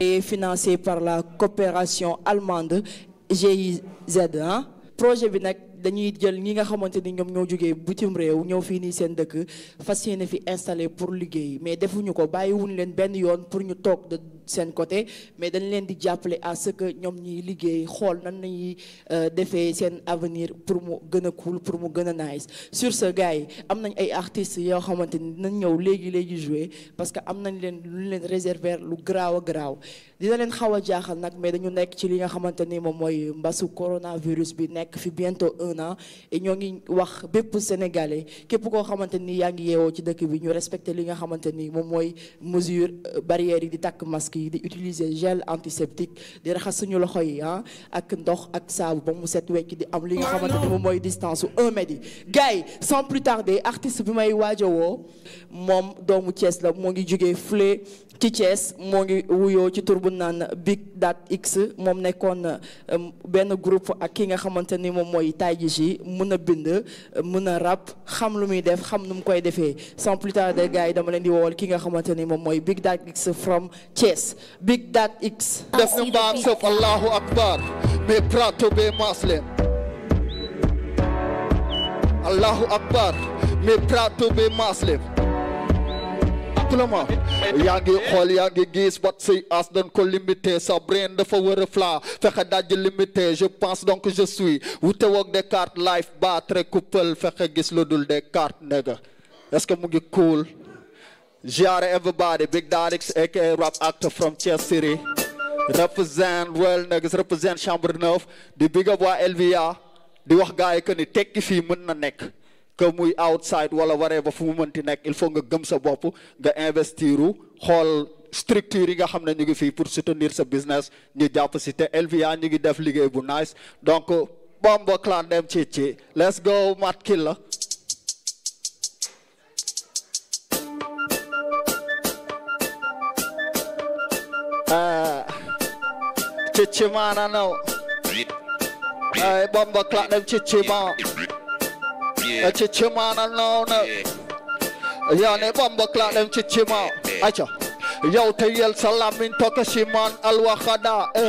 et financé par la coopération allemande GIZ ah projet bi nag dañuy jël ñi nga xamante ni ñoom ñoo jógee bitim réew ñëw fii nii seen dëkk fas yéene fi installé pour liggéey mais defuñu ko bàyyiwuñ leen benn yoon pour ñu toog seen côté mais dañu leen di jàppale à ce que ñoom ñuy liggéey xool nan nañuy euh, defee seen avenir pour mu gën a cool pour mu gën a nice sur ce gars yi am nañ ay artistes yoo xamante ni dinañ ñëw léegi léegi jouer parce que am nañ leen lu leen réserver lu graaw a graaw dina leen xaw a jaaxal nag mais dañu nekk ci li nga xamante ni moom mooy mbasu coronavirus bi nekk fi bientôt un an et ñoo ngi wax bépp sénégalais képp koo xamante ni yaa ngi yeewoo ci dëkk bi ñu respecté li nga xamante ni moom mooy mesure euh, yi di utiliser gel antiseptique di raxas suñu loxo yi ah ak ndox ak saabu ba mu set wecc di am li nga xamante ne moom mooy distance su un mètre yi gars yi sans plus tarder artiste bi may waaja woo moom doomu Thiès la moo ngi jógee fule ci Thiès moo ngi wuyoo ci tur bu naan Big Dat X moom nekkoon euh, benn group ak ki nga xamante ni moom mooy Taiji ji mën a bind mën a rap xam lu muy def xam nu mu koy defee sans plus tarder gars yi dama leen di wowal ki nga xamante ni moom mooy Big X from X, Big Dad X. def nu Allahu Akbar mais prato be maas yaa ngi xool yaa ngi gis wat say as dañ ko sa brain dafa war a fla fexe daj limité je pense donc je suis wute woog des cartes life baat rek couple fexe gis lu dul des cartes nega est-ce que mu ngi cool Jare everybody, Big Dadix, aka rap actor from Chess City. Represent Royal Nuggets, represent Chambre 9, di big up waa di wax gars yi que ni tekki fii mën na nekk. que muy outside wala waree ba fu mu mënti nekk il faut nga gëm sa bopp nga investiru xool structure yi nga xam ne ñu ngi fii pour soutenir sa business ñu jàpp si te LVIA ñu ngi def liggéey bu nice donc bombo clan dem ci ci let's go Matkila. ជិះមកណានោះអើយបំបក្លាក់នឹងជិះជិះមកជិះជិះមកណានោះនៅយ៉ានេះបំបក្លាក់នឹងជិះជិះមកអីចុះយោធាលសាឡាមីនតកស៊ីម៉ានអលវ៉ាខាដាអេ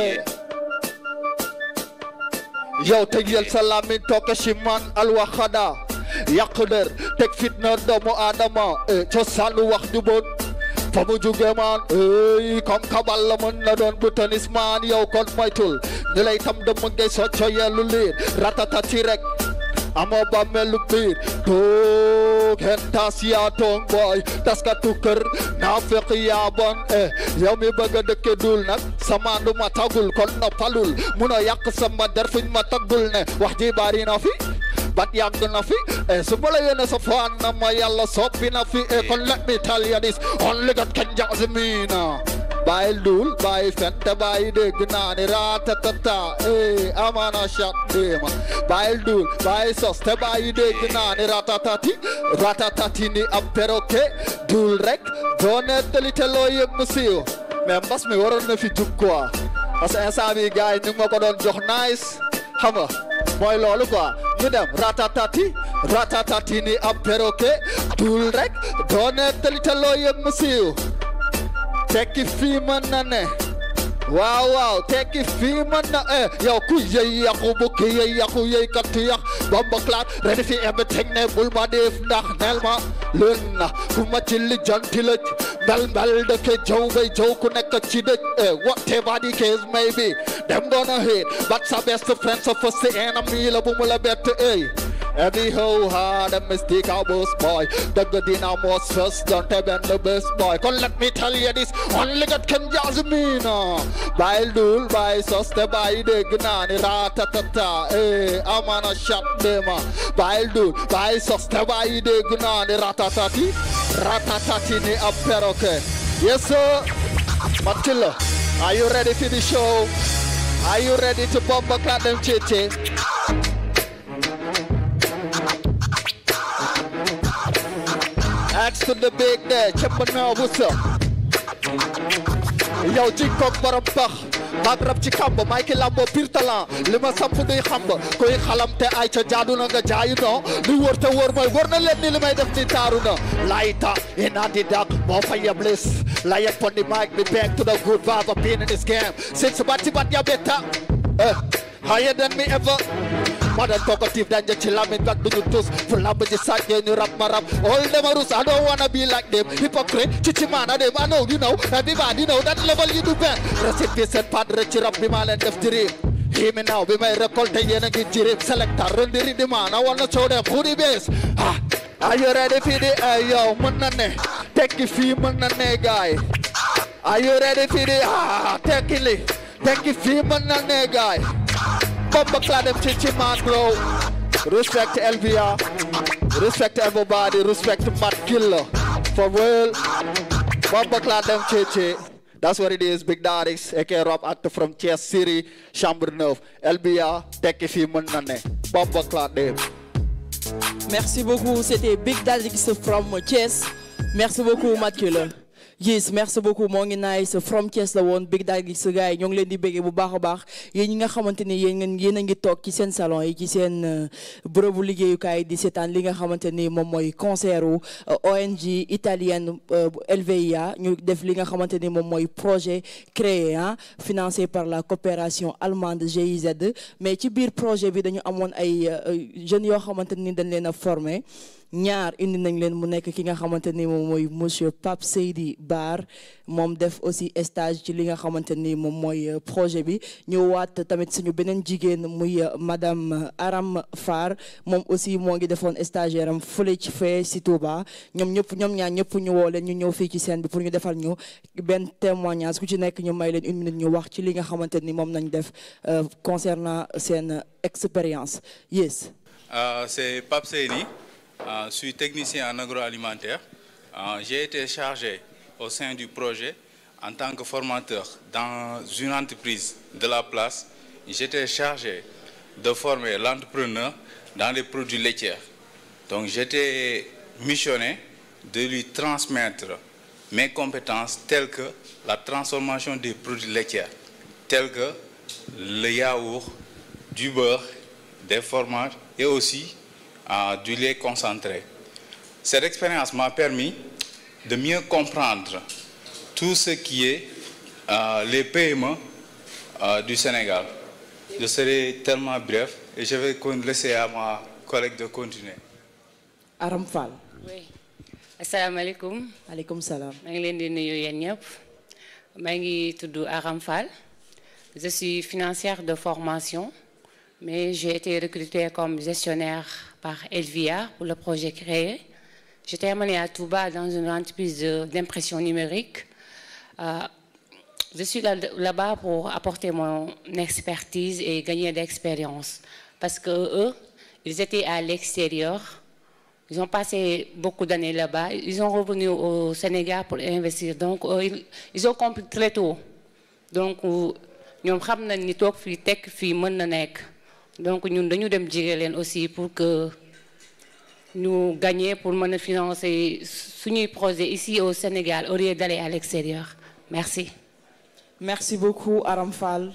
យោធាលសាឡាមីនតកស៊ីម៉ានអលវ៉ាខាដាយ៉ាកដិរតិកហ្វីតណឺដមអាដាម៉ាអេចុះសាលវ៉ាខឌូបូន fa mu jóge maan ey comme la mën na doon bu maan yow kon moytul ñu lay tam dëmm ngay socco yellu liir ratata ci rek amoo ba melu biir toog hen taas yaa toog booy taskatu kër naafeq yaa bon eh yow mi bëgg a dëkke dul nag samaandu ma tagul kon noppalul mun a yàq sama der fuñ ma tagul ne wax ji bari na fi but yàgg na fi e su ma sa faan na ma yàlla soppi na fi e kon let me tell you this only God can judge me na fen te bàyyi dégg naa ni ratatata eh amana chat déema bàyyi luul sos te bàyyi dégg naa ratatati ratatati ni ab perroquet duul rek doo nettali te loo yëg mu siiw mais mbas mi waroon na fi jug quoi parce que instant bi gars ko doon jox nice xam mooy loolu quoi ñu dem ratatati ratatati ni ab perroquet tuul rek doone tali te loo yëg tekki fii mën na ne waaw waaw tekki fii mën na eh yow ku yëy yàqu bu ki yëy yàqu yëy kat yàq klaat redi fi ebe teg ne bul ma def ndax neel ma lën na ku ma ci li janti lëj bel bel dëkk jëw ngay jëw ku nekk ci dëj whatever the may be dem gonna hate but sa best friend sa first enemy la bu mu la bett ey Any ho ha, the mystic house boy. Dug the dynamos don't even the best boy. Come let me tell you this, only God can judge me now. By dul, by soste, by the gnani, ratatati, ratatati ni a perroquet. Yes, sir. Matilla, are you ready for the show? Are you ready to bomb a That's the big day cëpp na wusa yow ji koog borom pax baag rab ci kamb may ki lambo pur talent li ma samp duy xamb kuy xalam te ay ca jaadu na nga jaayu no li wër te wër mooy wër na leen ni li may def ni taaru na layta ina di dag moo fa yeblis lay yeg pon di mic me back to the good vibe of being in this game since bat ci bat ya betta eh, higher than me ever ma daan kokotif daan njëkk ci làmmiñ ak duñu tus fu làmb ji sàccee ñu rab ma rab all dem a rus I don't wanna be like hypocrite ci ci maana dem I know you know everybody know that level yi du benn recipe seen padre ci rab bi maa leen def di riim himi now bi may récolté yéen a ngi ci rendiri di maana wanna show them who the best are you ready for the ay mën na ne tekki fii mën na ne gaay Bumba Clan MTT man, bro. Respect Elvia. Respect everybody. Respect Matt For real. Bumba Clan MTT. That's what it is. Big Darix, aka Rob Actor from Chess City, Chambre Elbia, Tech if you Munane. Bumba Merci beaucoup. C'était Big Darix from Chess. Merci beaucoup, Matt yes merci beaucoup moo ngi nice from Thiès la woon big daal gi sa yi ñoo ngi leen di béggee bu baax a baax yéen ñi nga xamante ni yéen ngeen a ngi toog ci seen salon yi ci seen euh, bu liggéeyukaay di seetaan li nga xamante ni moom mooy concert u euh, ONG italienne euh, LVIA ñu def li nga xamante ni moom mooy projet créé ah financé par la coopération allemande GIZ mais ci biir projet bi dañu amoon ay jeunes yoo xamante ni dañ leen a formé ñaar indi nañ leen mu nekk ki nga xamante ni moom mooy monsieur Pape Seydi baar moom def aussi stage ci li nga xamante ni moom mooy euh, projet bi ñëwaat tamit suñu beneen jigéen muy euh, madame euh, Aram Far moom aussi moo ngi defoon stagiaire am fële ci fee si Touba ñoom ñëpp ñoom ñaar ñëpp ñu woo leen ñu ñëw fii ci scène bi pour ñu defal ñu benn témoignage ku ci nekk ñu may leen une minute ñu wax ci li nga xamante ni moom nañ def concernant seen expérience yes. c'est Pape Euh, je suis technicien en agroalimentaire. Euh, j'ai été chargé au sein du projet en tant que formateur dans une entreprise de la place. J'étais chargé de former l'entrepreneur dans les produits laitiers. Donc j'étais missionné de lui transmettre mes compétences telles que la transformation des produits laitiers, telles que le yaourt, du des fromages et aussi euh, du lait concentré. Cette expérience m'a permis de mieux comprendre tout ce qui est euh, les PME euh, du Sénégal. Je serai tellement bref et je vais laisser à ma collègue de continuer. Aram Fall. oui asalaamaaleykum. maaleykum salaam. maa ngi leen di nuyu yéen ñëpp. maa ngi tudd Aram Fall. je suis financière de formation mais j'ai été recrutée comme gestionnaire. par Elvia pour le projet créé. J'étais amenée à Touba dans une entreprise d'impression numérique. Euh, je suis là-bas pour apporter mon expertise et gagner d'expérience. Parce que eux, ils étaient à l'extérieur. Ils ont passé beaucoup d'années là-bas. Ils sont revenus au Sénégal pour investir. Donc, eux, ils, ils, ont compris très tôt. Donc, ñoom xam nañ ni toog fii tekk fii mën na nekk. donc ñun dañu dem jige leen aussi pour que ñu gagner pour mën a financer suñuy projet ici au Sénégal au lieu d'aller à l'extérieur merci. merci beaucoup Aram Fall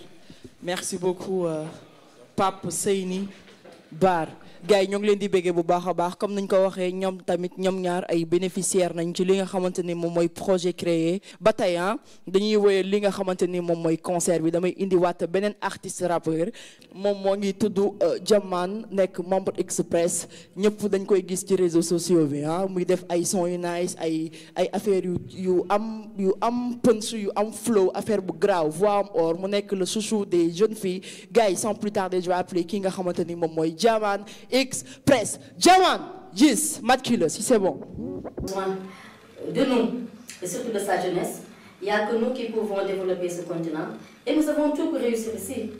merci beaucoup euh, Seyni. baar gars yi ñoo ngi leen di béggee bu baax a baax comme nañ ko waxee ñoom tamit ñoom ñaar ay bénéficiaire nañ ci li nga xamante ni moom mooy projet créé ba tey ah, dañuy woyee li nga xamante ni moom mooy concert bi damay indi beneen artiste rappeur moom moo ngi tudd euh, Jaman nekk membre express ñëpp dañ koy gis ci réseaux sociaux bi ah muy def ay son yu nice ay ay affaire yu yu am yu am punch yu am flow affaire bu grave voix or mu nekk le chouchou des jeunes filles gars yi sans plus tarder je vais ki nga xamante ni moom mooy Diamant Express. Diamant, yes, Matculus, si c'est bon. De nous, et surtout de sa jeunesse, il a que nous pouvons développer ce continent. Et nous avons tout pour réussir ici.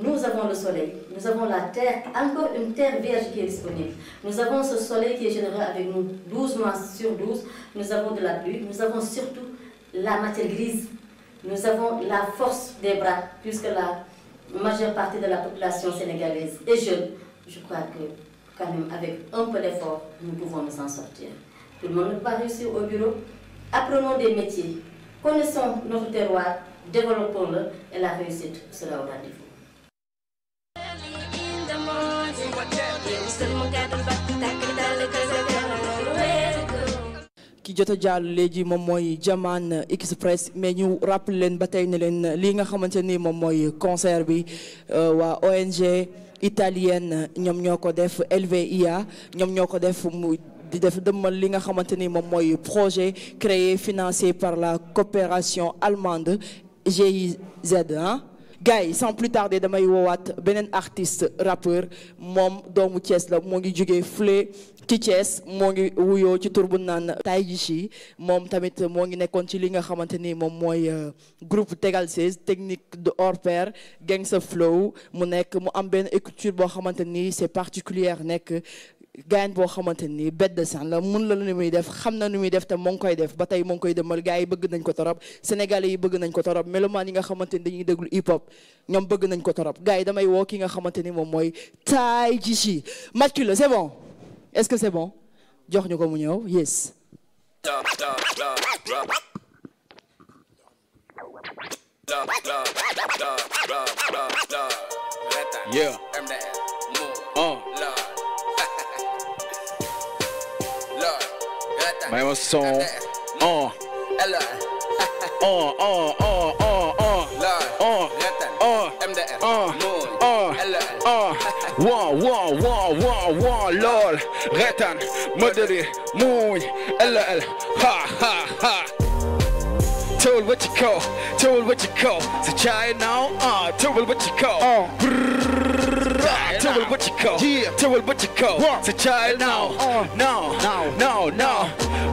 Nous avons le soleil, nous avons la terre, encore une terre vierge qui est disponible. Nous avons ce soleil qui est généreux avec nous 12 mois sur 12. Nous avons de la pluie, nous avons surtout la matière grise. Nous avons la force des bras, puisque la majeure partie de la population sénégalaise est jeune, je crois que quand même avec un peu d'effort, nous pouvons nous sortir. Tout le monde ne peut pas réussir au bureau. Apprenons des notre terroir, développons-le et la réussite sera au rendez-vous. ki jot a jàll léegi moom mooy Jaman Express mais ñu rappel leen ba tey ne leen lii nga xamante ni moom mooy concert bi euh, waa ONG italienne ñoom ñoo ko def LVIA ñoom ñoo ko def mu di def dëmmal li nga xamante ni moom mooy projet créé financé par la coopération allemande GIZ ah gars yi sans plus tarder damay woowaat beneen artist rappeur moom doomu cees la moo ngi jógee fule ci Thiès moo ngi wuyoo ci tur bu naan Taïjichi moom tamit moo ngi nekkoon ci li nga xamante ni moom mooy euh, groupe Tegal 16 technique de hors pair Gangsta Flow mu nekk mu am benn écriture boo xamante ni c'est particulière nekk gaañ boo xamante ni bête de scène la mun la lu muy def xam na nu muy def te moo ngi koy def ba tey moo ngi koy demal gars yi bëgg nañ ko torop sénégalais yi bëgg nañ ko torop mélomane yi nga xamante ni dañuy déglu hip hop ñoom bëgg nañ ko torop gars yi damay woo ki nga xamante ni moom mooy Taïjichi Mathieu la c'est est-ce que c'est bon jox ñu ko mu ñëw yes. yeah. oh. may ma son. oh. oh oh oh oh oh. won won won won won lool reetaan mëdëri muuñ ëllël ha ha ha tëwal ba ci kaw tëwal ba ci kaw sa caay naaw ah kaw teewal ba ci kaw sa child now now uh, now now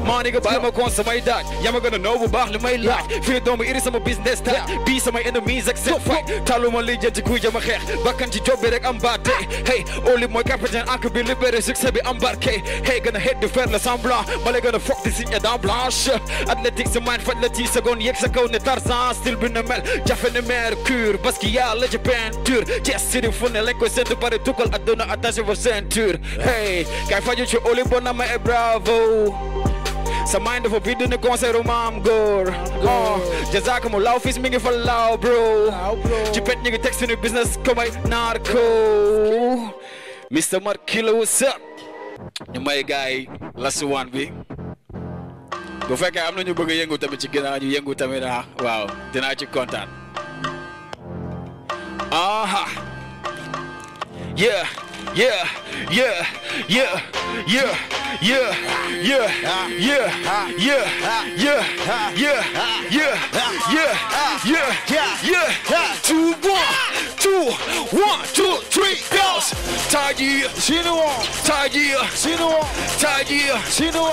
maa ni nga baal ma koon samay daaj yaa ma gën a noobu baax li may laaj fii doomu iri sama business taaj bii samay ennemis ak seen fight taluma li jënti kuy jëm a xeex bakkan ci job bi rek am baate hey oli mooy capitaine ak bi libéré succès bi embarqué eh? hey gën a xeet di faire le semblant ma lay gën a fokk di signe dent blanche atlétique sa mind faj la ci seconde yegg sa kaw ne Tarzan style bi ne mel jafe ne mercure parce que yàlla ci peinture ci siri fu ne lañ koy seetlu pare tukkal ak tuna attaché vos ceintures hey kay faju ci oli bonama e bravo sa mind fo biddu ne concert maam góor oh jazakum law fis mi ngi fa law bro ci pet ñu ngi teg suñu business comme ay narco Mr Mar Kilo what's up ñu may gaay lasuwaan bi bu fekkee am na ñu bëgg a yëngu tamit ci ginnaaw ñu yëngu tamit ah waaw dinaa ci kontaan aha yeah Yeah, yeah, yeah, yeah, yeah, yeah, yeah, yeah, yeah, yeah, yeah, yeah, yeah, yeah, yeah. Two, one, two, one, two, three, girls. Taji, Shinua, Taji, Shinua, Taji, Shinua.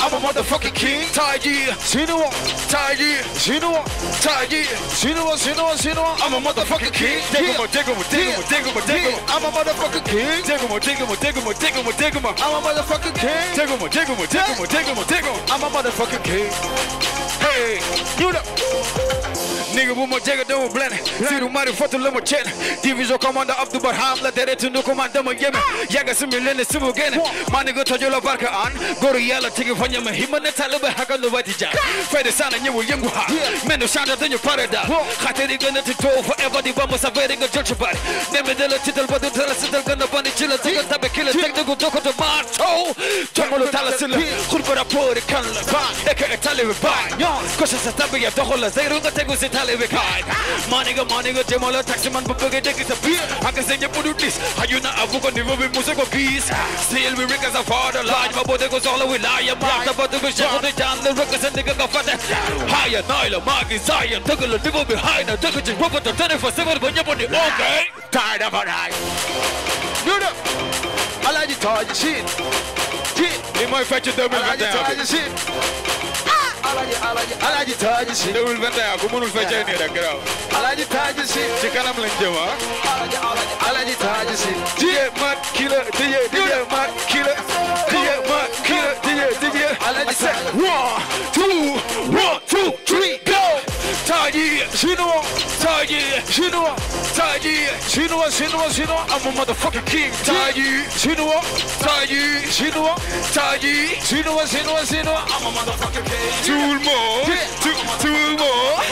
I'm a motherfucking king. Taji, Shinua, Taji, Shinua, Taji, Shinua, Shinua, Shinua. I'm a motherfucking king. Dig 'em, dig 'em, dig 'em, dig 'em, dig 'em. I'm a motherfucking motherfucking king. Take him, take him, take him, take him, take him. I'm a motherfucking king. Take him, take him, take him, take him, take him. I'm a motherfucking king. Hey, you know. nigga bu ma jege dama blende siiru la ma ceene division commandant Abdou Barham la deretu nu commande dama yeme yaga simi lene simu gene ma nigga tojo la barka an goru yàlla tigi a ñama himma ne talibe haka no wadi jaan fede sana ñëwul yëngu ha menu chanta dañu pare daal xateri gëna ti too fa eva di bamba sa veri nga jël ci bari neme la tital ba du tala sital gëna bani ci la tigal tabe kila technique dokoto ma too tomalu tala sila xurba rapport kan la ba eke e talibe ba ko sa tabe ya doxol la zeyru nga tell every kind. Morning, good morning, good time, all the taxi man, but forget take it appear. I can send you put this. Are you not a book on the river with musical peace? Still, we records are far the line, but they goes all the way. Lion, black, about the vision, the down the records and the gaga fat. Higher, Nile, Mark, Zion, took a little behind, took a chip, Robert, the 24 7, but you're on the okay. Tired of a night. Do that. I like you, Todd, shit. Shit. They might fetch you, they'll be right there. alaaji taaji si déwul vingt-et-un bu mënul feccee nii rek garaaw alaaji taaji si ci kanam lañ jëm ah alaaji taaji si dije mat kila dije dije mat kila dije mat kila dije dije alaaji taaji you know what, you know what, you know what? I'm a motherfucking king. Tie you, you know what? Tie you, you know what? Tie you, you know what, you know what, you know what? I'm a motherfucking king. Tout le monde, tout, tout le monde,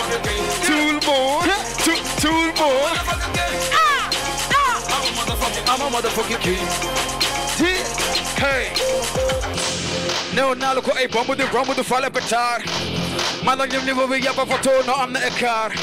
tout le monde, tout, tout le monde. Ah, ah. I'm a motherfucking, I'm a motherfucking king. Hey. Néew naa la ko ay bomb di romb du fale pétard. Maanaam ñoom niveau bi yàgg fa too noo am na écart.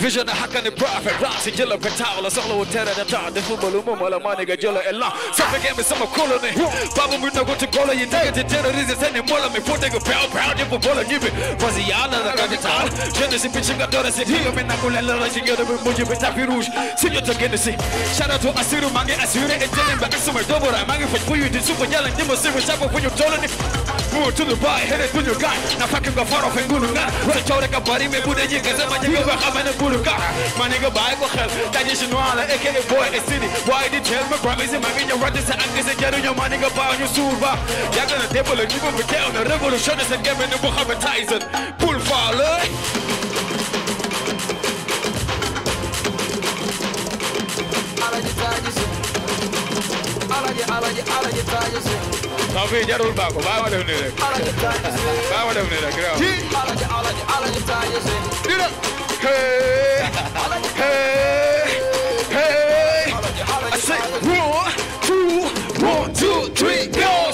vision hakkani profit raasi jëla bi taaw la soxla wu tere da taa defu ba lu moom wala maa ni nga jëla elan soppi ngeen mi sama koloni baabu mi nagu ci golo yi dégg ci terrorise seeni mbooloo mi foo dégg peew peew di bu boolo ñibbi parce que yàlla la nga di taal génn si picc nga doore si dio si ngeen mi si ñoo génn si charatu assiru maa ngi assuré et jëleen ba ak sumay doobu raay maa ngi faj fuyu di suufu ñalan di ma suufu sàpp fu ñu ni Mguu to the bar, hele to your guy Nataka ngafaro fengunu nga Wachore kabari me bude nyika Sema nyika kwa kama na buru ka Maniga bai kwa khel Taji shinwala aka boy a city Why did tell me promise my minya Rati sa anke se jaru nyo maniga bao nyo surba Yaga na table nyo mbe na revolution Sen keme ni Muhammad Tyson Pull fire All I just, I just alaji alaji alaji Tadio Sène. non fii jarul baako baa ma def nii rek. alaji Tadio Sène. baa ma def nii rek yow. ci alaji alaji alaji Tadio Sène. di la. hee. hee. hee. one two one two three go.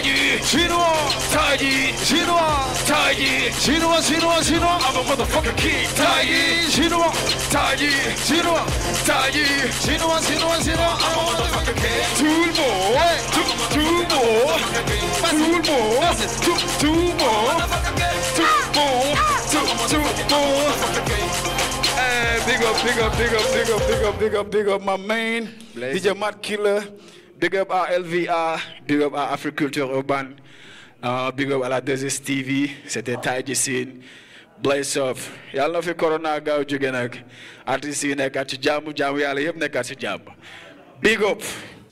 Taji, Shinua, Taji, Shinua, Taji, Shinua, Shinua, Shinua. I'm a motherfucking king. Taji, Shinua, Taji, Shinua, Taji, Shinua, Shinua, Shinua. I'm a motherfucking king. Two more, two, two more, two more, two, two more, two more, two, two more. Hey, big up, big up, big up, big up, big up, big up, big up, my main. DJ Mad Killer. big up à LVA, big up à Africulture Urban, uh, big up à la 2 TV, c'était Taiji Scene. Blaze off yàlla na fi corona gaaw jóge nag artistes yi nekkaat ci jàmm jàmm yàlla yëpp nekkaat ci jàmm big up.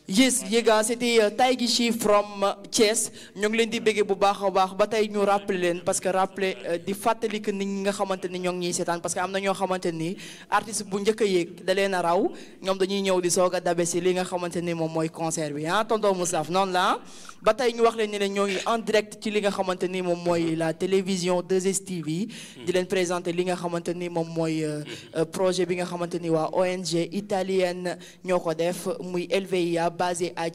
yes yéega c'était euh, Taigi Chi from euh, Thiès ñoo ngi leen di béggee bu baax a baax ba tey ñu rappelé leen parce que rappelé euh, di fàttali que ñi nga xamante ni ñoo ngi ñuy seetaan parce que am na ñoo xamante ni artiste bu njëkk a yéeg da leen raw ñoom dañuy ñëw di soog a dabe si li nga xamante ni moom mooy concert bi ah tonton Moussa noonu la ah? ba tey ñu wax leen ni leen ñoo ngi en direct ci li nga xamante ni moom mooy la télévision 2STV hmm. di leen présenter li nga xamante ni moom mooy euh, hmm. euh, projet bi nga xamante ni waa ONG italienne ñoo ko def muy LVIA basé à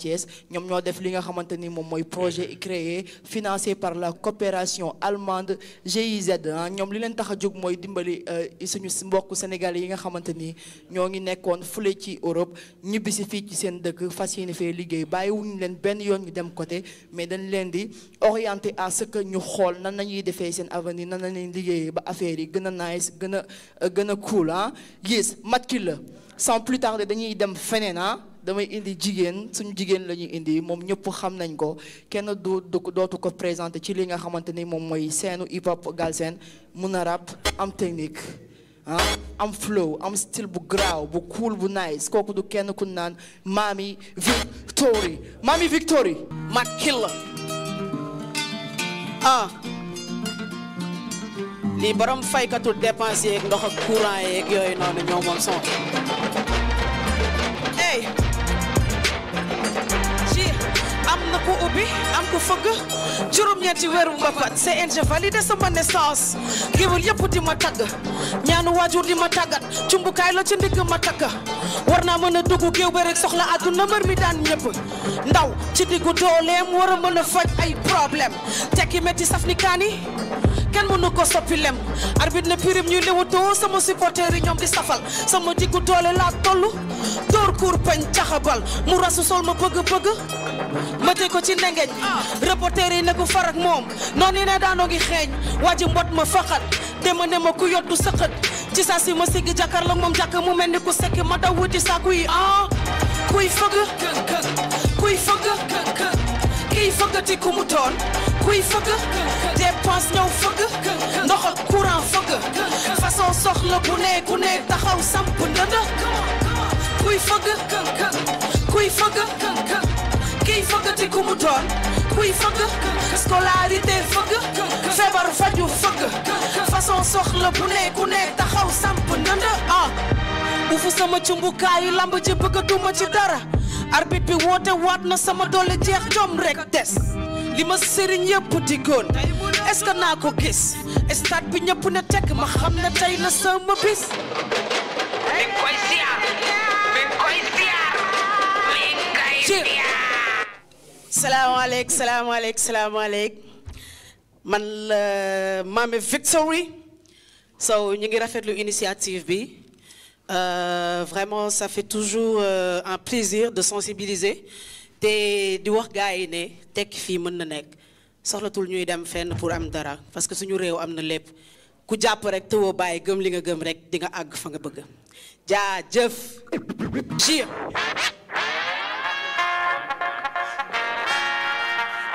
ñoom ñoo def li nga xamante ni moom mooy projet hmm. créé financé par la coopération allemande GIZ ah, ñoom li leen tax a jóg mooy dimbali euh, suñu mbokk sénégalais yi nga xamante ni ñoo ngi nekkoon fule ci Europe ñibbisi fii ci seen dëkk fas yéene fee liggéey bàyyiwuñu leen benn yoon ñu dem côté mais dañ leen di orienté à ce que ñu xool nan la ñuy defee seen avenir nan la ñuy liggéeyee ba affaire yi gën a nice gën a gën a cool ah mat ki la sans plus tarder dañuy dem feneen ah damay indi jigéen suñu jigéen la ñuy indi moom ñëpp xam nañ ko kenn du dootu ko présenté ci li nga xamante ni moom mooy seenu hip hop Galsen mun a rap am technique ah am flow am style bu graaw kooku du kenn ku naan Mamy Victory Mamy Victory ma killa ah lii borom faykatu dépense yeeg ndox ak yooyu noonu ñoo am na ku ubbi am ku fëgg juróom-ñeenti weeru mbapat CNG validé sama naissance géwél yëpp di ma tagg ñaanu waajur di ma tàggat cumbukaay la ci ndigg ma takk war naa mën a dugg géew ba rek soxla àdduna mër mi daan ñëpp ndaw ci diggu dooleem war a mën a faj ay problème tekki metti saf ni kaani kenn mënu ko soppi lem arbitre ne pirim ñuy lewatoo sama supporter yi ñoom di safal sama diggu doole laa toll dóor kuur pañ caxabal mu rasu sol ma bëgg-bëgg mëte ko ci nengeñ bi reporter yi ne ku farak moom noonu ne daanoo ngi xeeñ waa mbot ma faxat dema ne ma ku yot du ci saa ma siggi jàkkaar la moom jàkk mu mel ni ku sekki ma daw wuti saaku yi ah kuy fëgg kuy fëgg kiy fëggati ku mu doon kuy fëgg dépense ñëw fëgg ndox ak fëgg façon soxla bu ne ku ne taxaw samp ndënd kuy fëgg kuy fëgg kiy fëgg ci ku mu doon kuy fëgg scolarité fëgg feebar faju fëgg façon soxla bu ne ku taxaw samp nënd ah ufu sama cumbukaayu lamb ji bëgg duma ci dara arbit bi woote waat na sama doole jeex jom rek des li ma sëriñ yëpp diggoon est naa ko gis stade bi ñëpp ne tekk ma xam ne tey la sama bis. salaamaaleykum salaamaaleykum salaamaaleykum man la Mamy Victory so ñu ngi rafetlu initiative bi euh, vraiment ça fait toujours euh, un plaisir de sensibiliser te di wax gars yi ne tekki fii mën na nekk soxlatul ñuy dem fenn pour am dara parce que suñu réew am na lépp ku jàpp rek te woo gëm li nga gëm rek di nga àgg fa nga bëgg jaajëf.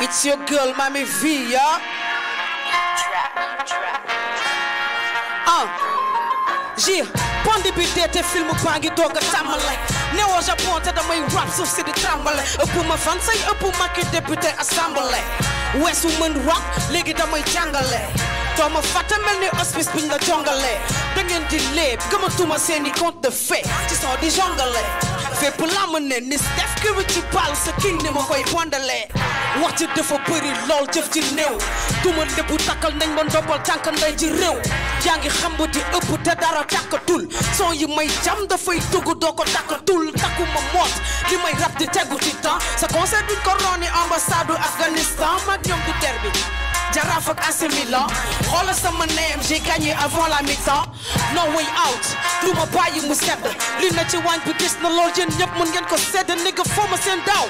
It's your girl, Mommy V, yeah? Trap, trap. Uh, yeah. Bandi bi dee te film baa ngi doog a tàmbale newoo Japon te damay rap suuf si di tàmbale ëpp ma fan say ëpp ma ki député assemblée weesu mën rap léegi damay jàngale doo ma fàtte mel ni hospice biñ la jongale da ngeen di léeb gëmatuma seeni compte de fait ci soo di jongale fépp laa mën ne ni Steph Curry ci bal sa king ni ma koy bondalee wax ci dafa bëri lool jëf ci néew du ma lébu takkal nañ ma ndombal tànk ndey ci réew yaa ngi xam ba di ëpp te dara tàkkatul son yi may jam dafay dugg doo ko tàkkatul takku ma moot li may rap di tegu ci temps sa concert duñ ko rooni ambassade Afghanistan mag du der Jaraaf ak AC Milan xoolal sama neem j'ai gagné avant la mi-temps no way out du ma bàyyi mu sedd li na ci waañ bi gis na lool yéen ñëpp mën ngeen ko sedd nigga foo seen daaw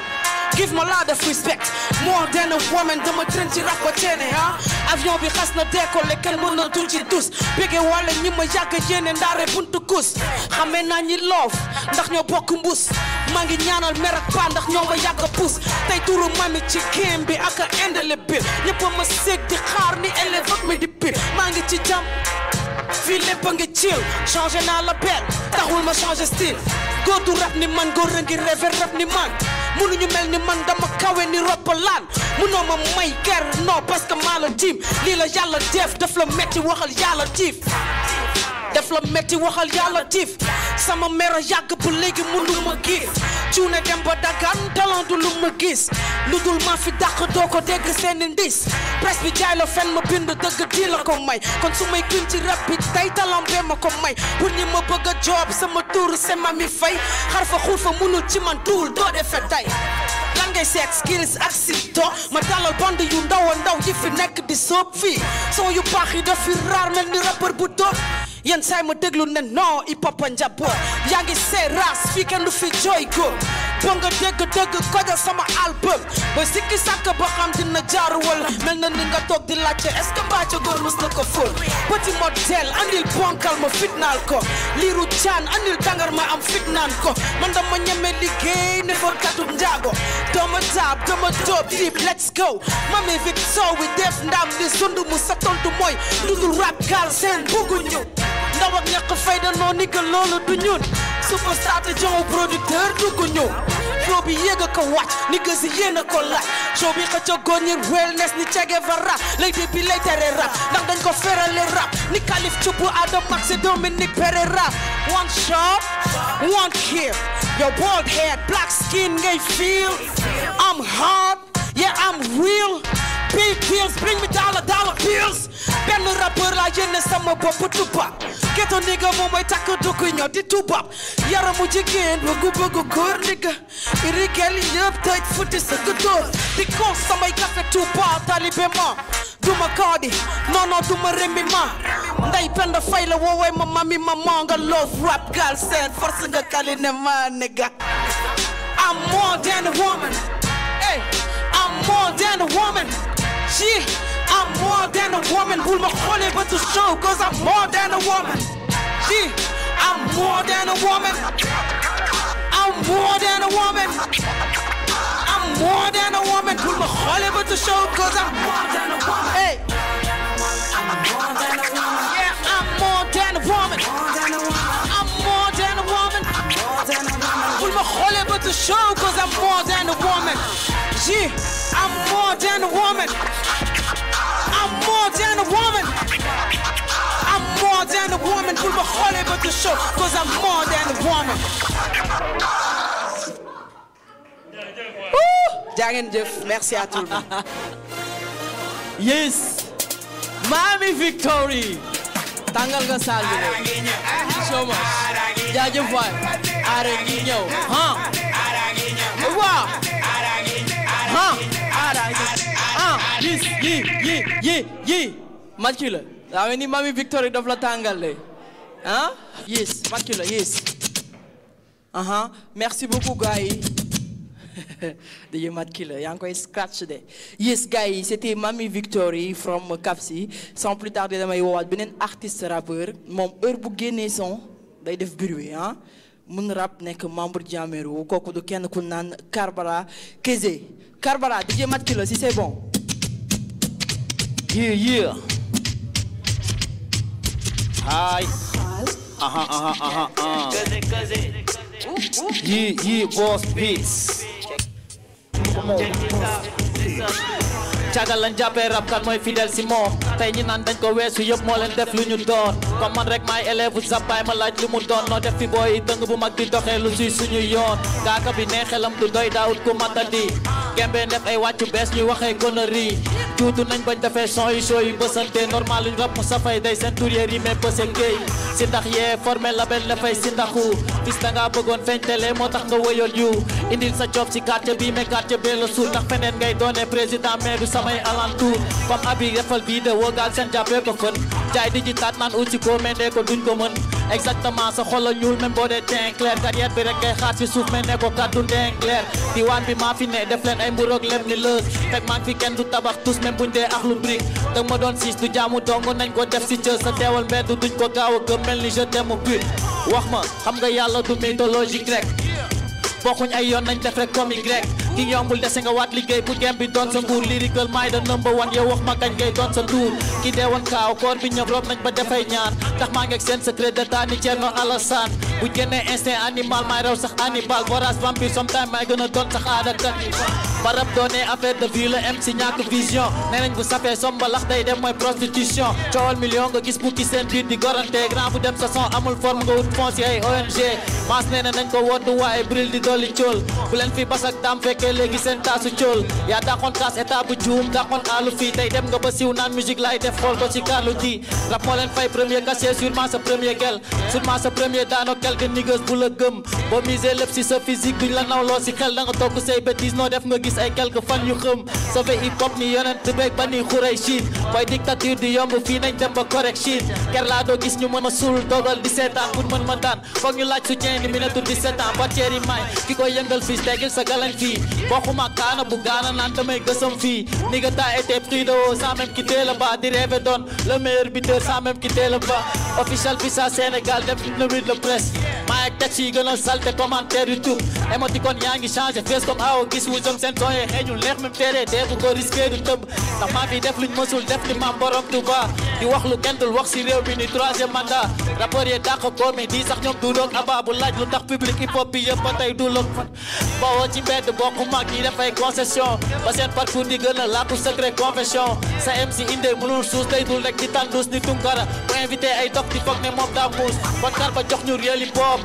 give ma lot of respect more than a woman dama tren ci rakote ne ah bi xas na décollé kenn mën na dul ci dus bége ñi ma yàgg yéene ndaare buntu kus xamee ñi loof ndax ñoo bokk mbus maa ngi ñaanal mer ak ndax ñoo ma yàgg a puus tey turu mami ci game bi ak a indale biir ma seeg di xaar ni élève ak mi di maa ngi ci jàmm fii lépp a ngi chill changé naa la belle ma changé style góor du ni man góor a ngi rêve ni man mënuñu mel ni man dama kawe ni roppalaan mënoo ma may ger non parce que maa la tiim lii la yàlla def daf la metti waxal yàlla tiif def la metti waxal yàlla tif sama mera yàgg ba léegi mënu ma gis cuune dem ba dagaan lu ma gis lu dul maa fi dàq doo ko dégg seen ndis presse bi jaay la fen ma bind dëgg di la ko may kon su may gën ci rap bi tey talambee ma ko may pour ñi ma bëgg joob sama tuur c'est Mami Faye xar fa xuur fa mënul ci man tuul doo defee tey lan ngay seet skills ak sito ma dalal band yu ndaw a ndaw yi fi nekk di soob fii son yu baax yi daf fi raar mel ni rappeur bu toog yenn saay ma déglu ne non hip hop a njaboot yaa ngi seeraas fii kenn du fi jooy ko boo nga dégg dégg koja sama album ba sikki sàkk ba xam dina jaaru wala mel na ni nga toog di laajte est-ce que mbaa ca góor mus na ko fóol petit modèle andil bonkal ma fitnaal ko liiru caan andil dangar ma am fitnaan ko man dama ñeme liggéey ne foor katub njaago doo ma taab doo ma joob deep let's go mami Victor wi def ndam li sund mu sa tontu mooy lu dul rap gaal seen bugguñu ndaw ak ñàkk fayda noo nigal loolu du ñun superstar te jom producteur du ko ñëw show bi yéeg a ko wàcc ni si yéen a ko laaj show bi xëcc góor ñi wellness ni cege fa rap lay bi lay tere rap ndax dañ ko ferale rap ni kalif cubb adam max dominique pere rap one shot one kill your bald head black skin ngay feel I'm hard yeah I'm real big kills bring me down Pills benn rappeur laa yéene sama bopp tubaab ghetto nigga moom mooy takk dugg di tubaab yaramu jigéen bëggu bëggu góor nigga irigel yëpp tëj futti sa di kon samay gafe tubaab talibe ma duma kaadi non duma rembi ma nday benn fay la woowee ma mami ma moo nga nga kaline ma nigga I'm more than a woman hey I'm more than a I'm more than a woman bul ma xoolee ba tu show cause I'm more than a woman ji I'm more than a woman I'm more than a woman I'm more than a woman bul ma xoolee ba tu show cause I'm more than a woman hey I'm more than a woman yeah I'm more than a woman I'm more than a woman bul ma xoolee ba tu show cause I'm more than a woman ji I'm more than a woman than a woman. I'm more than a woman. Who will hold it but the show? Cause I'm more than a woman. jaa ngeen jëf merci à tout le monde. yes. Mami Victory. tàngal nga saal bi de. so much. jaajëf waay. aara ngi ñëw. ah. waaw. ah. gis yi yi yi yi matki la daa mel ni mami Victory daf la tàngal de ah yes matki la yes aha merci beaucoup gars yi dañuy la yaa ngi koy scratch de yes gars yi c'était Mami Victory from Kapsi sans plus tarder damay woowaat beneen artiste rappeur moom heure bu génnee son day def bruit ah mun rap nekk membre Jahmerue kooku du kenn ku naan Karbala Keze Karbala DJ mat la si c'est bon Yeah, yeah. Hi. Uh-huh, uh-huh, uh-huh, uh. Yeah, yeah, boss caagal lañ jàppee rabkat mooy fidèle si moom tey ñi naan dañ ko weesu yëpp moo leen def lu doon comme man rek maay élève sabaay ma laaj lu mu doon noo def fi booy dëng bu mag di doxee lu suy suñu yoon kaaka bi nee xelam du doy daawut ku matadi kembe def ay wàccu bees ñuy waxee connerie tuutu nañ bañ defee son yu bësante normal ñu rap mu safay day seen yi mais bëse géey si yee formé la fay si ndaxu fis dangaa bëggoon samay alantu pam abi defal vidéo gaal seen jàppee ko fën jaay digitat naan uti ko mende ko duñ ko mën exactement sa xol la ñuul même boo dee teint bi rek ngay xaar ci suuf mais ne ko kàddu ndeen clair diwaan bi maa fi ne def leen ay mburoog lem ni lëës teg maa fi kenn du tabax tous même buñ dee axlu brique teg ma doon siis du jaamu dongo nañ ko def ci cër sa teewal mbedd duñ ko gaaw a gëm mel ni je t'aime but wax ma xam nga yàlla du mythologie grecque bokkuñ ay yoon nañ def rek comme gi yombul dese nga waat liggéey bu gem bi doon sa nguur lyrical maay da number one yow wax ma kañ ngay doon sa tuur ki deewoon koor bi ñëpp rob nañ ba defay ñaan ndax maa ngi ak seen secret d'état ni Thierno Alassane bu génnee instinct animal maay raw sax animal vorace vampire sometime maay gën a doon sax aada cannibal ba doonee affaire de vie la MC ñàkk vision nee bu safee sombalax day dem mooy prostitution coowal million nga gis bu jege léegi seen taasu cool yaa dàqoon kaas état bu fii tey dem nga ba siiw naan musique laay def xool ko ci kaalu di rap moo leen fay premier cachet sûrement sa premier gel sûrement sa premier daano quelque niggas bu la gëm boo misee lépp sa physique duñ la nawloo ci xel da togg say bêtises noo def nga gis ay quelques fan yu xëm sauvé hip hop ni yonent beeg ba ni xurey chiin mooy dictature di yomb fii nañ dem ba correct chiin ker laa doo gis ñu mën a suul dogal 17 ans waxuma kaana bu gaana naan damay gësam fii Nigata était pris de haut sans même quitter le bas di rêver doon le meilleur buteur sans même quitter le le presse waaye teg yi gën a salte commentaire yu tub émoticône yaa ngi changé fees comme aw gis wu jëm seen son yi xeeñul neex même teeree deeku ko risqué du tëb ndax maa fi def luñ mësul def li maam borom Tuuba di wax lu kenn wax si réew mi ni troisième mandat rapport yi dàq góor mi di sax ñoom du doog aba bu laaj lu tax public hip yëpp ba du loog fan bawoo ci mbedd bokku mag dafay concession ba seen parcours di gën a làkku secret confession sa MC indee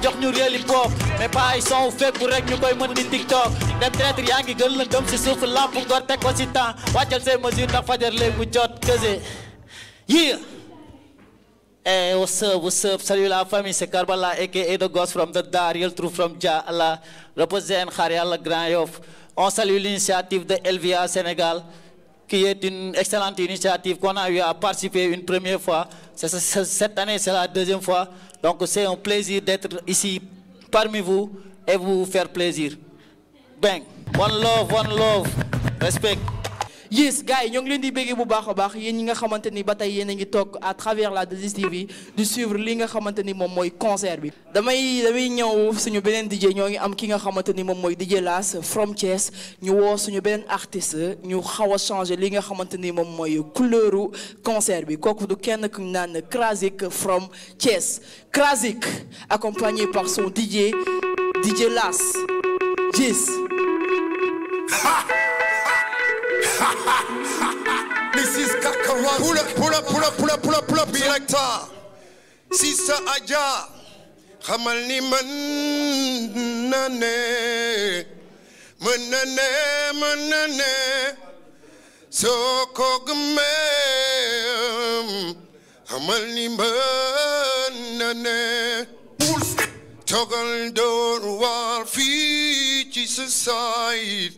jox ñu réeli pop mais pas ay son fekku rek ñu koy mën di tiktok ne traître yaa ngi gën la dëm si suuf lamp ngor teg ko si temps wàccal say mesure ndax fajar léegi mu jot këse yii Hey, eh, what's up, la famille, c'est Karbala, aka The Ghost from the Dar, from Jah Allah, represent Khariala Grand Yoff. On salue l'initiative de LVA Sénégal, qui est une excellente initiative qu'on a participer une première fois. C est, c est, cette année, c'est la deuxième fois. Donc c'est un plaisir d'être ici parmi vous et vous faire plaisir. Bang. One love, one love. Respect. yes gars yi ñoo ngi leen di béggee bu baax a baax yéen ñi nga xamante ni ba tey yéen a ngi toog à travers la 2STV di suivre li nga xamante ni moom mooy concert bi damay ñëw suñu beneen DJ ñoo ngi am ki nga xamante ni moom mooy DJ Las from Thiès ñu woo suñu beneen artiste ñu xaw a changé li nga xamante ni moom mooy couleuru concert bi kooku du kenn ku ñu naan Krasik from Thiès Krasik accompagné par son DJ DJ Las yes pull up pull up pull up pull up pull up pull up directeur si sa aja xamal ni mën na ne mën na ne mën na ne soo ko gëmee xamal ni mën na ne togal door waar fii ci sa saayit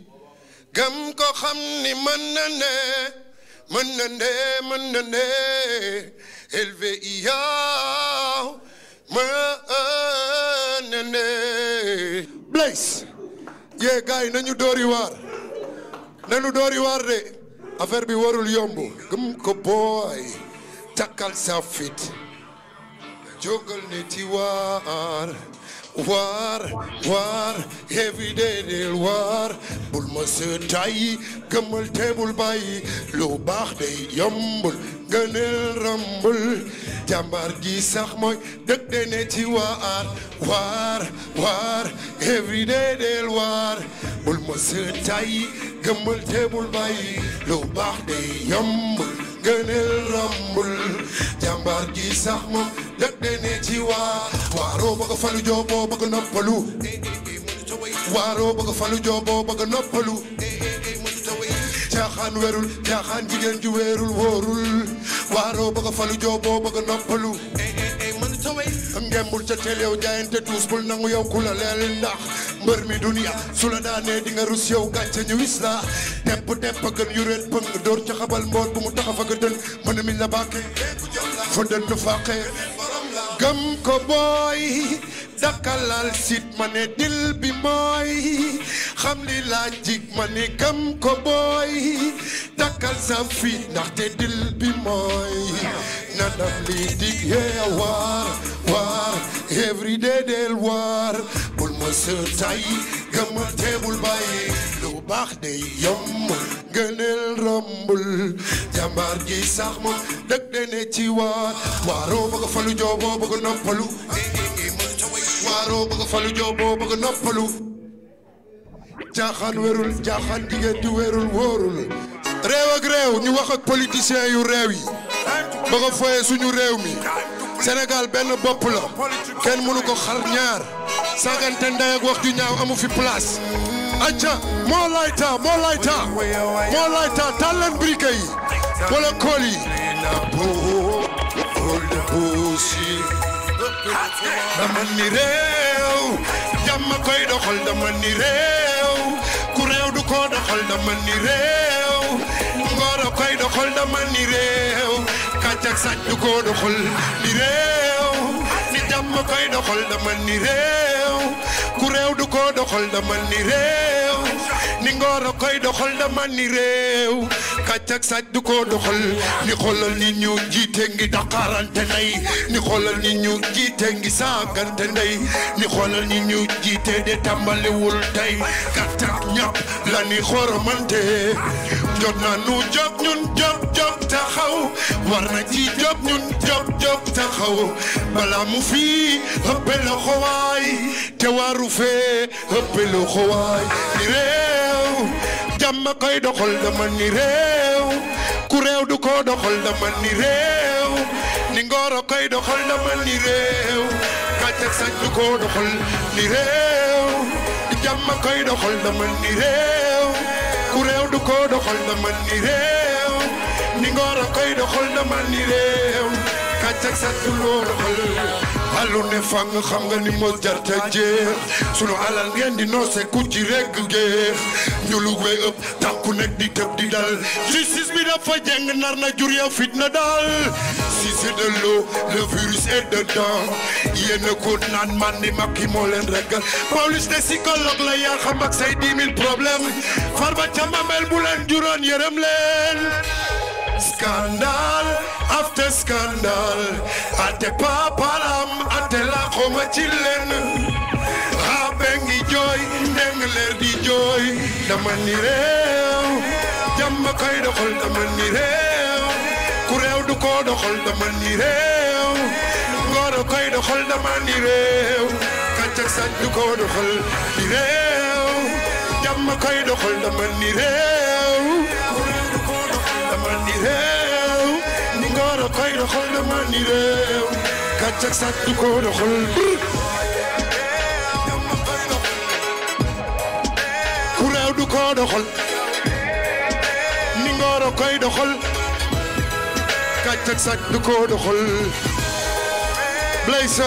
gëm ko xam ni mën na ne Manane, manane, na manane. Blaise. yee gars yi nañu doori waar nañu doori waar de affaire bi warul yomb gëm ko booy takkal sa fit jógal ne ci waar waar waar every day del waar bul ma sa tàyyi gëmmal te lu baax day yombul gëneel rambul jàmbaar gi sax mooy dëkk de ne ci waar waar waar every day del waar bul ma sa tàyyi gëmmal te lu baax day yombul gënal rambul jàmbaar gi sax moom dëgg ne ci waa waaroo bëgg falu jooboo bëgg noppalu waaroo bëgg noppalu caaxaan werul caaxaan jigéen ju weerul wóorul waaroo bëgg falu jooboo bëgg noppalu ngembul ca teel yow jaayante tuus bul nangu yow ku la leel ndax mbër mi dunia su la daanee di nga rus yow gàcce ñu wis la tepp yu gën yuréet pëng door ca xabal mboor bu mu taxa fa gëdën mën a mi la bàkke fëddën du fàqee gëm ko booy dakalal sit ma ne dil bi mooy xam li laa jig ma ne gëm ko booy dakal sa fit ndaxte dil bi mooy nanam li dig yee waar waar every day del waar bul ma së tay gëmma teebul bàyyi baax day yomb gëneel rombul jàmbaar ji sax ma dëgg de ne ci waar waaroo bëgg falu jooboo bëgg noppalu waaroo bëgg falu jooboo bëgg noppalu jaaxaan wérul jaaxaan jigéen di ñu wax ak politiciens yu reew yi bëgg a foye suñu réew mi senegal benn bopp la kenn mënu ko xar ñaar sagante ndey ak wax ju ñaaw amu fi place acca moo layta moo layta moo layta tal leen briquet yi dama ni réew jàmm koy doxal dama ni réew ku koy doxal dama ni réew kàcc ak du ko doxal ni réew ni jàmm koy doxal dama ni réew ku réew du ko doxal damal ni réew ni ngoor a koy doxal dama ni réew kàcc ak sàcc du ko doxal ni xoolal ni ñu jiite ngi daqarante nay ni xoolal ni ñu jiite ngi saagante ndey ni xoolal ni ñu jiite de tàmbaliwul tey gàtt ak ñàpp la ni xoromante jot na nu jóg ñun jóg jóg taxaw war na ci jóg ñun jóg jóg taxaw balaa mu fii ëppe loxo waay te waru fee ëppe loxo waay jàmm koy doxal dama ni réew ku du ko doxal dama ni réew ni ngoro koy doxal dama ni réew kàcceeg sañ du ko doxal ni réew jàmm koy doxal dama ni réew ku du ko doxal dama ni réew ni ngoro koy doxal dama ni réew kàcceeg sañ allu ne fang xam nga ni mos jar ta jeex sunu alal ngeen di noose ku ci rekk geex ñu lu koy ëpp tax nekk di tëb di dal justice bi jeng nar na jur ya fitna dal si c'est de l'eau le virus est dedans yéen a ko naan man ni Macky moo leen ragal police de la yaa xam ak say dix mille problème Farba ca mamel bu leen juróon yërëm leen skandal after skandal ate papalam ate la xoma ci leen xaabe jooy ndeng leer di jooy dama ni réew jàmm kay doxal dama ni réew ku réew dama ni réew ngoro kay doxal dama ni réew kàccak sañ du dama ni réew doxal na ma ni doxal ku réew du ko doxal ni ngoor a koy doxal kàcc du ko doxal Blaise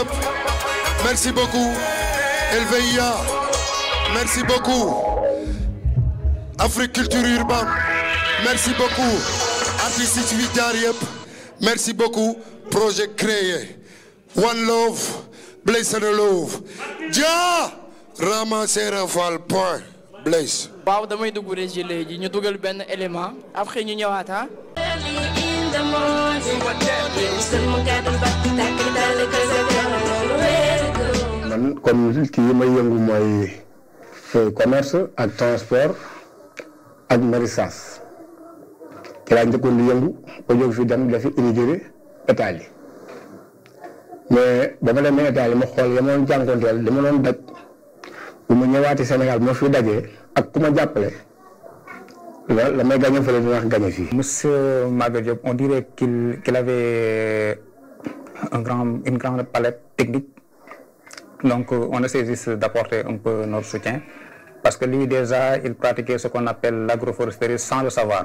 merci beaucoup Elveya merci beaucoup Afrique culture urbaine merci beaucoup artistes yi fi jaar yëpp merci beaucoup projet créé one love Blaise and love ja ramasser Fall Blaise waaw damay dugg régie léegi ñu dugal benn élément après ñu ñëwaata ah. man comme kii may yëngu mooy euh, commerce ak transport ak maraîchage te laa njëkkoon di yëngu ba jóg fi dem dafi immigré état yi mais ba ma demee état yi ma xool ya ma doon jànkuwanteel li ma doon daj bu ma ñëwaatee Sénégal ma fi dajee ak ku ma jàppale la la may gagné fële dina wax gagné fii. monsieur Maguette Diop on dirait qu'il qu'il un grand une grande palette technique donc euh, on essaie juste d'apporter un peu notre soutien parce que lui déjà il pratiquait ce qu'on appelle l'agroforesterie sans le savoir.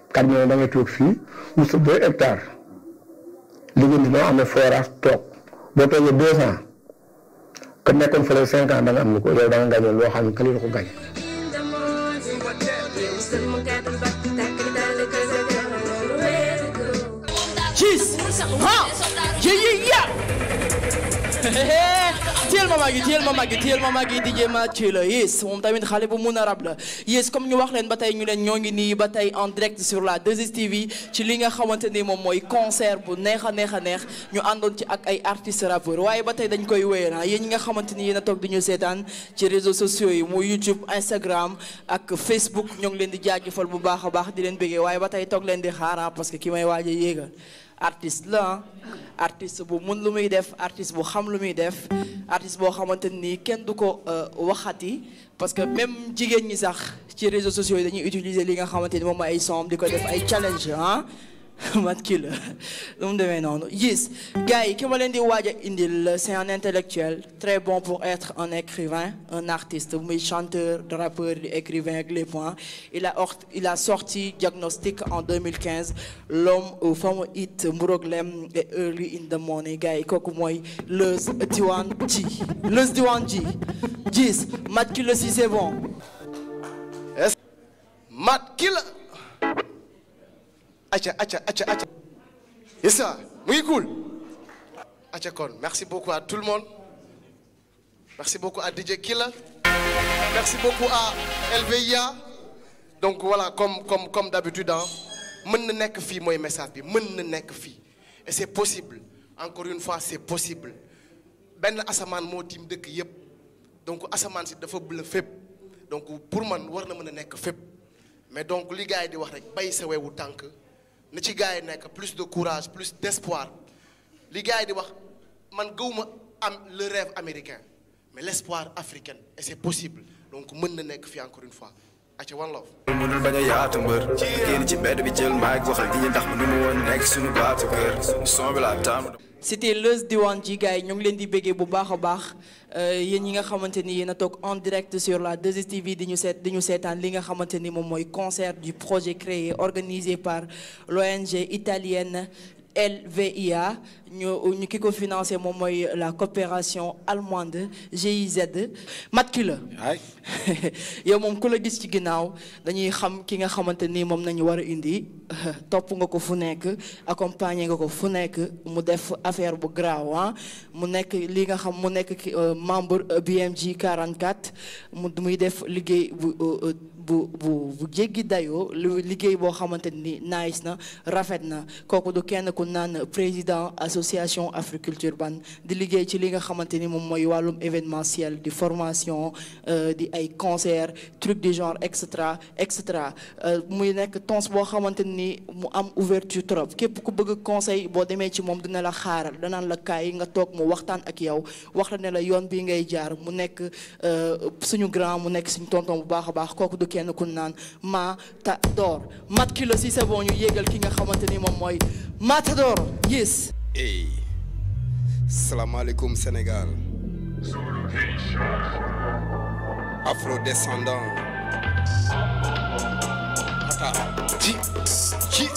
kat ñoom da ngay toog fii wut sa deux hectares liggéey bi doo amee forage toog boo toogee deux ans que nekkoon fële cinq ans da am lu ko yow da gañoon loo xam ne kële ko gañ. jeez. téyel ma magi téyel ma magi téyel ma magi DJ Mathieu la yes moom tamit xale bu mun rab la yes comme ñu wax leen ba tey ñu leen ñoo ngi nii ba tey en direct sur la 2STV ci li nga xamante ni moom mooy concert bu neex a neex a neex ñu àndoon ci ak ay artistes rappeurs waaye ba tey dañ koy wéyal ah yéen ñi nga xamante ni yéen a toog di ñu seetaan ci réseaux sociaux yi mu YouTube Instagram ak Facebook ñoo ngi leen di jaajëfal bu baax a di leen bëggee waaye ba tey toog di xaar ah, parce que ki may waaj a artiste la artiste bu mun lu muy def artiste bu xam lu muy def artiste boo xamante nii kenn du ko euh, waxati parce que même jigéen ñi sax ci réseaux sociaux yi dañuy utiliser li nga xamante ni moom ay som di ko def ay challenge ah Matt Killer lu mu demee gars yi ki ma leen di waaj a indil c'est un intellectuel très bon pour être un écrivain un artiste muy chanteur rappeur di écrivain ak les points il a or il a sorti Diagnostic en 2015 l'homme au fameux hit Mburoglem et Early in the Morning gars yi kooku mooy Leuz Diwane G Leuz Diwane G gis si c'est bon acca acca acca acca c'est ça acca kon merci beaucoup à tout le monde merci beaucoup à DJ Killa merci beaucoup à LVIA donc voilà comme comme comme d'habitude ah mën na nekk fii mooy message bi mën na nekk fii et c'est possible encore une fois c'est possible benn asamaan moo tiim dëkk yépp donc asamaan si dafa bleu fépp donc pour man war na mën a nekk fépp mais donc li gars yi di wax rek bay sa wewu tànk na ci gars yi nekk plus de courage plus d'espoir li gars yi di wax man gëwuma am le rêve américain mais l'espoir africain et c'est possible donc mën na nekk fii encore une fois aca one love mënul bañ a yaatu mbër génn ci mbedd bi jël maag waxal di ñu ndax mënu mu woon nekk suñu baatu kër suñu son bi laa taamu c'était Leuz Diwane ji gars yi ñu ngi leen di béggee bu baax a baax euh, yéen ñi nga xamante ni yéen a toog en direct sur la 2 di ñu seet di ñu seetaan li nga xamante ni moom mooy concert du projet créé organisé par l'ONG italienne LVIA ñu ñu ki ko financé moom mooy la coopération allemande GIZ mat ki la yow moom ku la gis ci ginnaaw dañuy xam ki nga xamante ni moom nañu war a indi topp nga ko fu nekk accompagner nga ko fu nekk mu def affaire bu grave ah. mu nekk li nga xam mu nekk euh, membre euh, BMG 44 mu muy def liggéey bu euh, bu bu bu jéggi dayoo lu liggéey boo xamante ni nice na rafet na kooku du kenn ku naan président association Africulture Ban di liggéey ci li nga xamante ni moom mooy wàllum événementiel di formation euh, di ay concert truc du genre et cetera et cetera euh, muy nekk tons boo xamante ni mu am ouverture trop képp ku bëgg conseil boo demee ci moom dina la xaaral danaan la kaay nga toog mu waxtaan ak yow wax la ne la yoon bi ngay jaar mu nekk euh, suñu grand mu nekk suñu tonton bu kenn ku naan Matador mat kilo si c'est bon ñu yéegal ki nga xamante ni moom mooy Matador yes. hey salaamaaleykum Sénégal afro descendant ata ci ci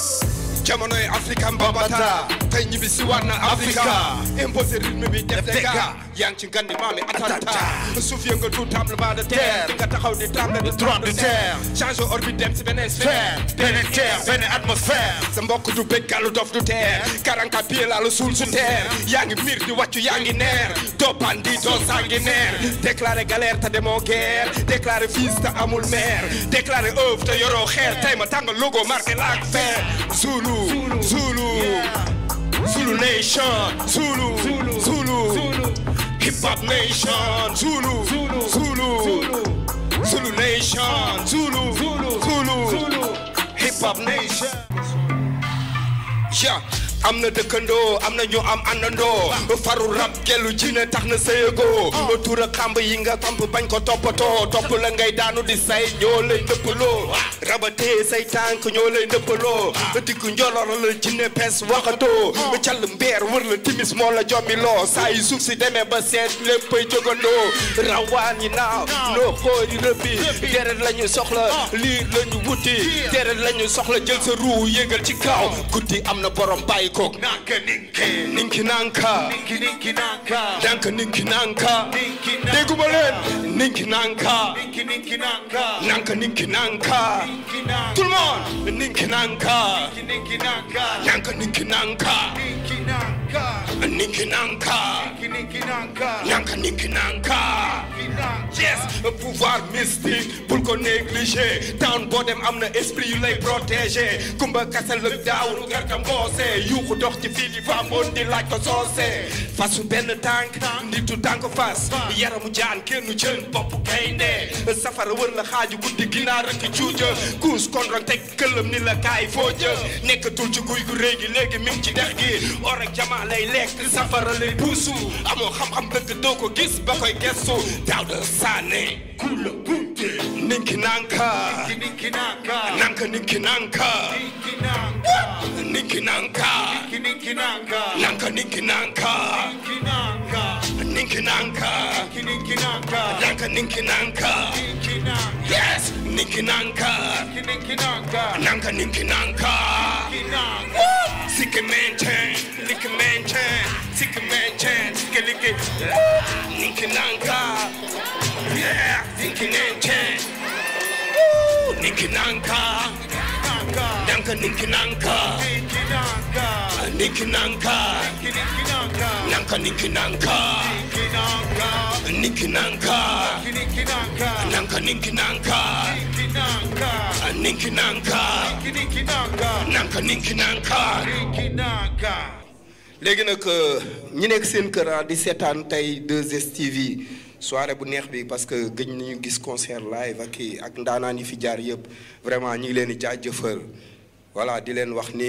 jamonoy African Bambata tey ñibbi si war na Africa imposé bi def dégâts yaa ngi ci ngandi maami atanta suuf yëngal tout tremblement de terre di taxaw di trembler de trembler change orbite dem si beneen sphère beneen terre beneen atmosphère sa mbokk du bëj gàllu dof du terre karanka pied laa la suul su terre yaa ngi miir di wàccu yaa ngi neer doo bandi doo sanguinaire déclaré galère te demoo guerre déclaré fils te amul mère déclaré œuvre te yoroo xeer tey ma tàngal logo marqué laak fer Zulu Zulu Zulu nation Zulu Zulu Hip Hop Nation Hip Hop Nation am na dëkkandoo am na ñu am àndandoo faru rab gellu ji ne tax na sëyegoo oh. tuura xamb yi nga kamp bañ ko toppatoo topp la ngay daanu di say ñoo lay ndëppaloo rabatee say tànk ñoo lay ndëppaloo diggu njoloro la ji ne pes waxatoo oh. cal mbeer wër la timis moo la jommiloo oh. saa yu suuf si demee ba seet léppay jógandoo rawaan yi naaw noo xóori rëbbi deret la soxla li la ñu wuti deret la soxla jël sa ruu yéegal ci kaw guddi am na borom bàyyi cook. Nanka ninki. Ninki nanka. Ninki ninki nanka. Nanka ninki nanka. Ninki nanka. Ninki nanka. Ninki nanka. Ninki ninki nanka. Nanka ninki nanka. Ninki nanka. Tout le monde. Ninki nanka. Ninki ninki nanka. Nanka ninki nanka. Ninki nanka. Niki Nanka. Niki Nanka. Nanka Niki Nanka. yes pouvoir mystique bul ko négliger town boo dem am na esprit yu lay protéger kumba kasal la daawul garka mboose yuuxu dox ci fii di faamboon di laaj ko soose fasu benn tànk nitu tànk fas yaramu jaan kennu jën bopp gaynde safara wër la xaaju guddi ginaar ak cuuja kuus kondron teg këllam ni la kaay foo jë nekkatul ci guy gu réegi léegi mi ngi ci dex gi or ak jamaa maa lay lekk safara lay buusu amoo xam-xam dëgg doo gis ba koy gestu Daouda Sané ku la bunte ninki nanka nanka ninki nanka ninki nanka nanka ninki nanka nanka ninki nanka ninkinanka ninkinanka danka ninkinanka yes ninkinanka ninkinanka nanka ninkinanka sike menche like menche sike menche sike like ninkinanka yeah ninkinanka ninkinanka nanka ninki nanka ninki nanka nanka ninki nanka ninki nanka nanka nanka nanka nanka nanka léegi nag ñi nekk seen kër di seetaan tey 2STV soirée bu neex bi parce que gëj nañu gis concert live ak kii ak ndaanaan yi fi jaar yëpp vraiment ñu ngi leen di jëfal voilà di leen wax ni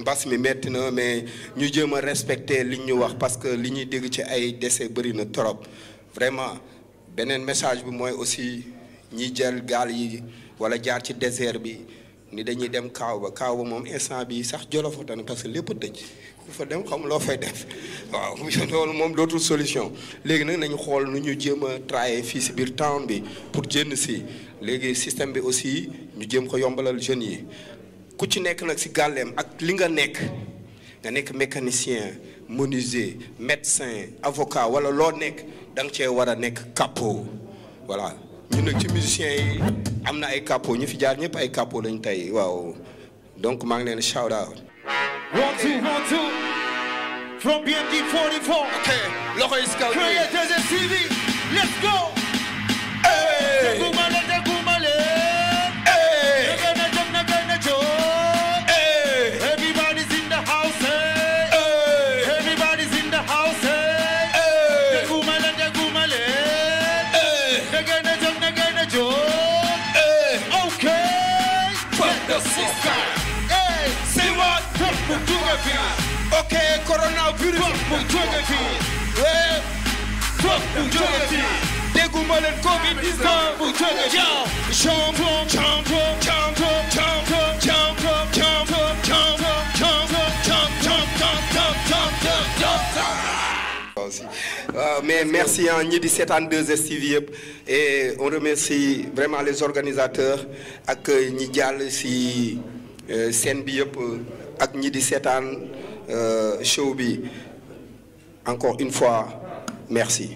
mbas mi metti na mais ñu jéem a respecter liñ ñu wax parce que li ñuy dégg ci ay décès bëri na trop vraiment beneen message bi mooy aussi ñiy jël gaal yi wala jaar ci désert bi. ni dañuy dem kaaw ba kaaw ba moom instant bi sax jolof tan parce que lépp tëj ku fa dem xam loo fay def waaw loolu moom dootul solution léegi nag nañu xool nu ñu jéem a traye fii si biir town bi pour jënd si léegi système bi aussi ñu jëm ko yombalal jeunes yi ku ci nekk nag si gàlleem ak li nga nekk nga nekk mécanicien menuisier médecin avocat wala loo nekk da nga cee war a nekk capot voilà ñun nag ci musiciens am na ay capos ñu fi jaar ñëpp ay capos lañ tey waaw donc maa ngi leen shout out. one two one two from si kaw. Creators TV go. bu mais merci à ñi di seetaan 2STV yëpp et on remercie vraiment les organisateurs ak ñi jàll ci scène bi yëpp ak ñi di seetaan show bi encore une fois merci.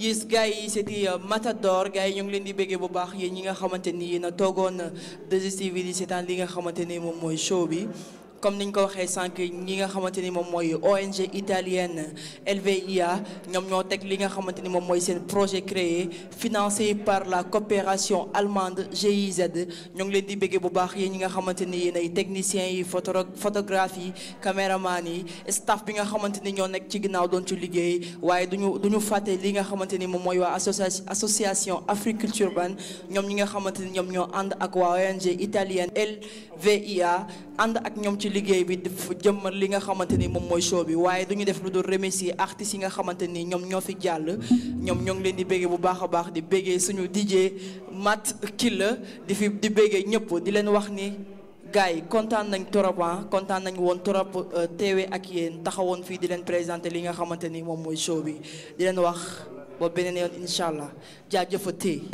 yes gars yi c'était euh, Matador gars yi ñu ngi leen di béggee bu baax yéen ñi nga xamante ni yéen a toogoon 2STV euh, di seetaan li nga xamante ni moom mooy show bi comme ni ñu ko waxee sànq ñi nga xamante ni moom mooy ONG italienne LVIA ñoom ñoo teg li nga xamante ni moom mooy seen projet créé financé par la coopération allemande GIZ ñoo ngi leen di béggee bu baax yi ñi nga xamante ni techniciens yi photo photographe yi caméraman yi staff bi nga xamante ni ñoo nekk ci ginnaaw doon ci liggéey waaye duñu du ñu fàtte li nga xamante ni moom mooy waa association Africulture Ban ñoom ñi nga xamante ni ñoom ñoo ànd ak waa ONG italienne ànd ak ñoom ci liggéey bi jëmmal li nga xamante ni moom mooy show bi waaye duñu def lu dul remercier artistes yi nga xamante nii ñoom ñoo fi jàll ñoom ñoo ngi leen di béggee bu baax a baax di béggee suñu DJ Matt Killa di fi di béggee ñëpp di leen wax ni gars yi kontaan nañ trop ah, kontaan nañ woon trop euh, teewee ak yéen taxawoon fii di leen présenter li nga xamante ni moom mooy show bi di leen wax ba beneen yoon incha allah jaajëfatee